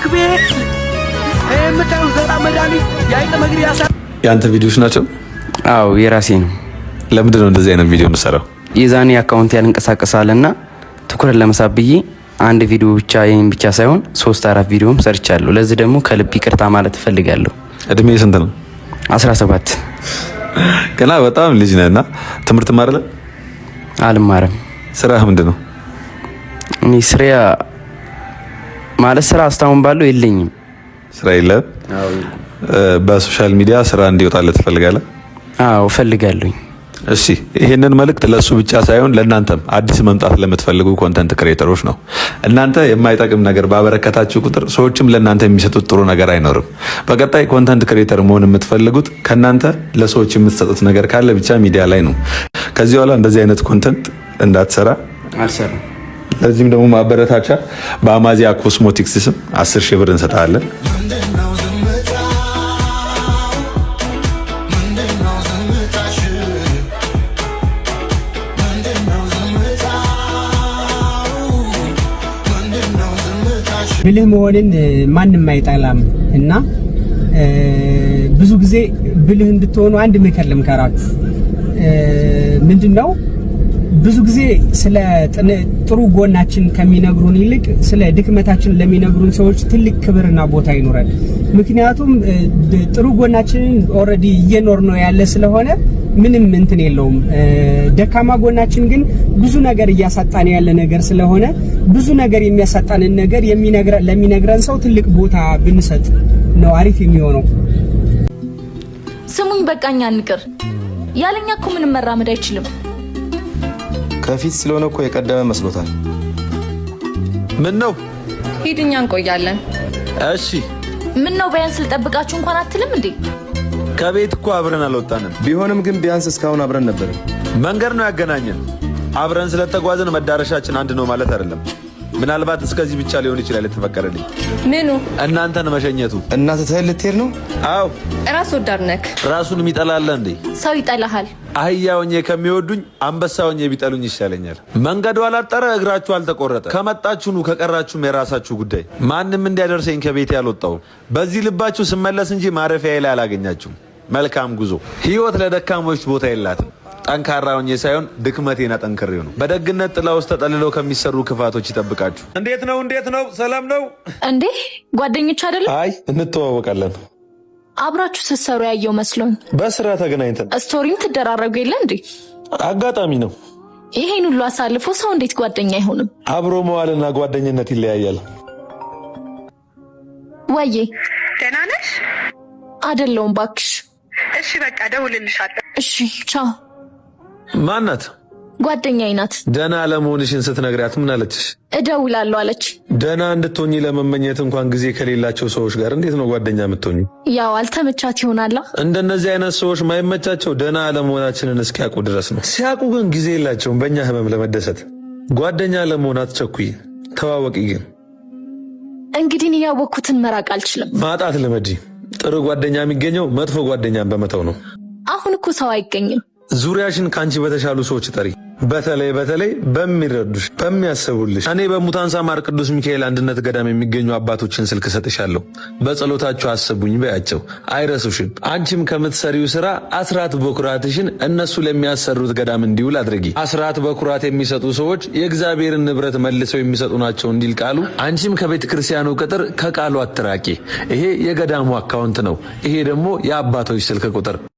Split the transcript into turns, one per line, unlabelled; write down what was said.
አክቤል የምታዩት ዘራ
መድኃኒት የአይጥ መግሪ ያሳ የአንተ ቪዲዮዎች ናቸው?
አዎ የራሴ ነው።
ለምንድን ነው እንደዚህ አይነት ቪዲዮ የምሰራው?
የዛኔ አካውንት እና ትኩረት ለመሳብ ብዬ አንድ ቪዲዮ ብቻ ይህን ብቻ ሳይሆን ሶስት አራት ቪዲዮም ሰርቻለሁ። ለዚህ ደግሞ ከልብ ይቅርታ ማለት እፈልጋለሁ። እድሜ ስንት ነው? አስራ ሰባት
ገና በጣም ልጅ ነህ እና ትምህርት ማርለ አልማረም። ስራህ ምንድን ነው?
እኔ ስሪያ ማለት ስራ እስካሁን ባለው የለኝም።
ስራ የለም። በሶሻል ሚዲያ ስራ እንዲወጣለት ትፈልጋለህ?
አዎ እፈልጋለሁኝ።
እሺ ይሄንን መልእክት ለሱ ብቻ ሳይሆን ለእናንተም አዲስ መምጣት ለምትፈልጉ ኮንተንት ክሬተሮች ነው። እናንተ የማይጠቅም ነገር ባበረከታችሁ ቁጥር ሰዎችም ለእናንተ የሚሰጡት ጥሩ ነገር አይኖርም። በቀጣይ ኮንተንት ክሬተር መሆን የምትፈልጉት ከእናንተ ለሰዎች የምትሰጡት ነገር ካለ ብቻ ሚዲያ ላይ ነው። ከዚህ በኋላ እንደዚህ አይነት ኮንተንት እንዳትሰራ አልሰራም። ለዚህም ደግሞ ማበረታቻ በአማዚያ ኮስሞቲክስ ስም 10 ሺህ ብር እንሰጣለን።
ብልህ መሆንን ማንም አይጠላም እና ብዙ ጊዜ ብልህ እንድትሆኑ አንድ ምክር ልምከራችሁ ምንድን ነው ብዙ ጊዜ ስለ ጥሩ ጎናችን ከሚነግሩን ይልቅ ስለ ድክመታችን ለሚነግሩን ሰዎች ትልቅ ክብርና ቦታ ይኖራል። ምክንያቱም ጥሩ ጎናችንን ኦልሬዲ እየኖር ነው ያለ ስለሆነ ምንም እንትን የለውም። ደካማ ጎናችን ግን ብዙ ነገር እያሳጣን ያለ ነገር ስለሆነ ብዙ ነገር የሚያሳጣንን ነገር ለሚነግረን ሰው ትልቅ ቦታ ብንሰጥ ነው አሪፍ የሚሆነው።
ስሙኝ፣ በቃኛ ንቅር ያለኛ እኮ ምንም መራመድ አይችልም።
ከፊት ስለሆነ እኮ የቀደመ መስሎታል። ምን ነው
ሂድ፣ እኛ እንቆያለን። እሺ። ምን ነው ቢያንስ ልጠብቃችሁ እንኳን አትልም እንዴ?
ከቤት እኮ አብረን አልወጣንም።
ቢሆንም ግን ቢያንስ እስካሁን አብረን ነበር
መንገድ ነው ያገናኘን። አብረን ስለተጓዝን መዳረሻችን አንድ ነው ማለት አይደለም። ምናልባት እስከዚህ ብቻ ሊሆን ይችላል የተፈቀደልኝ። ምኑ? እናንተን መሸኘቱ።
እናንተ ትህል ልትሄድ ነው?
አዎ።
ራስ ወዳድ ነክ።
ራሱን የሚጠላለ እንዴ?
ሰው ይጠላሃል።
አህያ ሆኜ ከሚወዱኝ አንበሳ ሆኜ ቢጠሉኝ ይሻለኛል። መንገዱ አላጠረ፣ እግራችሁ አልተቆረጠ። ከመጣችሁ ከቀራችሁም የራሳችሁ ጉዳይ። ማንም እንዲያደርሰኝ ከቤቴ አልወጣሁም። በዚህ ልባችሁ ስመለስ እንጂ ማረፊያ ላይ አላገኛችሁም። መልካም ጉዞ። ህይወት ለደካሞች ቦታ የላትም። ጠንካራ ሆኜ ሳይሆን ድክመቴና ጠንክሬው ነው። በደግነት ጥላ ውስጥ ተጠልለው ከሚሰሩ ክፋቶች ይጠብቃችሁ። እንዴት ነው? እንዴት ነው? ሰላም ነው
እንዴ? ጓደኞች አይደለም?
አይ እንተዋወቃለን።
አብራችሁ ስትሰሩ ያየው መስሎኝ
በስራ ተገናኝተን
ስቶሪም ትደራረጉ የለ እንዴ? አጋጣሚ ነው። ይሄን ሁሉ አሳልፎ ሰው እንዴት ጓደኛ አይሆንም?
አብሮ መዋልና ጓደኝነት ይለያያል።
ወዬ ደህና ነሽ? አይደለውም እባክሽ።
እሺ በቃ ደውልልሻለሁ።
እሺ ቻው። ማናት? ጓደኛዬ ናት።
ደህና ለመሆንሽን ስትነግሪያት ምን አለችሽ?
እደውላለሁ አለች።
ደህና እንድትሆኚ ለመመኘት እንኳን ጊዜ ከሌላቸው ሰዎች ጋር እንዴት ነው ጓደኛ የምትሆኚ?
ያው አልተመቻት ይሆናላ።
እንደነዚህ አይነት ሰዎች ማይመቻቸው ደህና ለመሆናችንን እስኪያውቁ ድረስ ነው። ሲያውቁ ግን ጊዜ የላቸውም በእኛ ህመም ለመደሰት። ጓደኛ ለመሆን አትቸኩይ፣ ተዋወቂ። ግን
እንግዲህ ያወቅኩትን መራቅ አልችልም።
ማጣት ልመድ። ጥሩ ጓደኛ የሚገኘው መጥፎ ጓደኛን በመተው ነው።
አሁን እኮ ሰው አይገኝም።
ዙሪያሽን ከአንቺ በተሻሉ ሰዎች ጠሪ። በተለይ በተለይ በሚረዱሽ በሚያስቡልሽ። እኔ በሙታንሳ ማር ቅዱስ ሚካኤል አንድነት ገዳም የሚገኙ አባቶችን ስልክ ሰጥሻለሁ። በጸሎታችሁ አስቡኝ በያቸው፣ አይረሱሽም። አንቺም ከምትሰሪው ስራ አስራት በኩራትሽን እነሱ ለሚያሰሩት ገዳም እንዲውል አድርጊ። አስራት በኩራት የሚሰጡ ሰዎች የእግዚአብሔርን ንብረት መልሰው የሚሰጡ ናቸው እንዲል ቃሉ። አንቺም ከቤተ ክርስቲያኑ ቅጥር ከቃሉ አትራቂ። ይሄ የገዳሙ አካውንት ነው። ይሄ ደግሞ የአባቶች ስልክ ቁጥር